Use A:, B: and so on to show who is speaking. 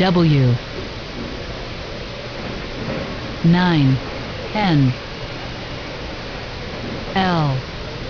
A: W 9 N L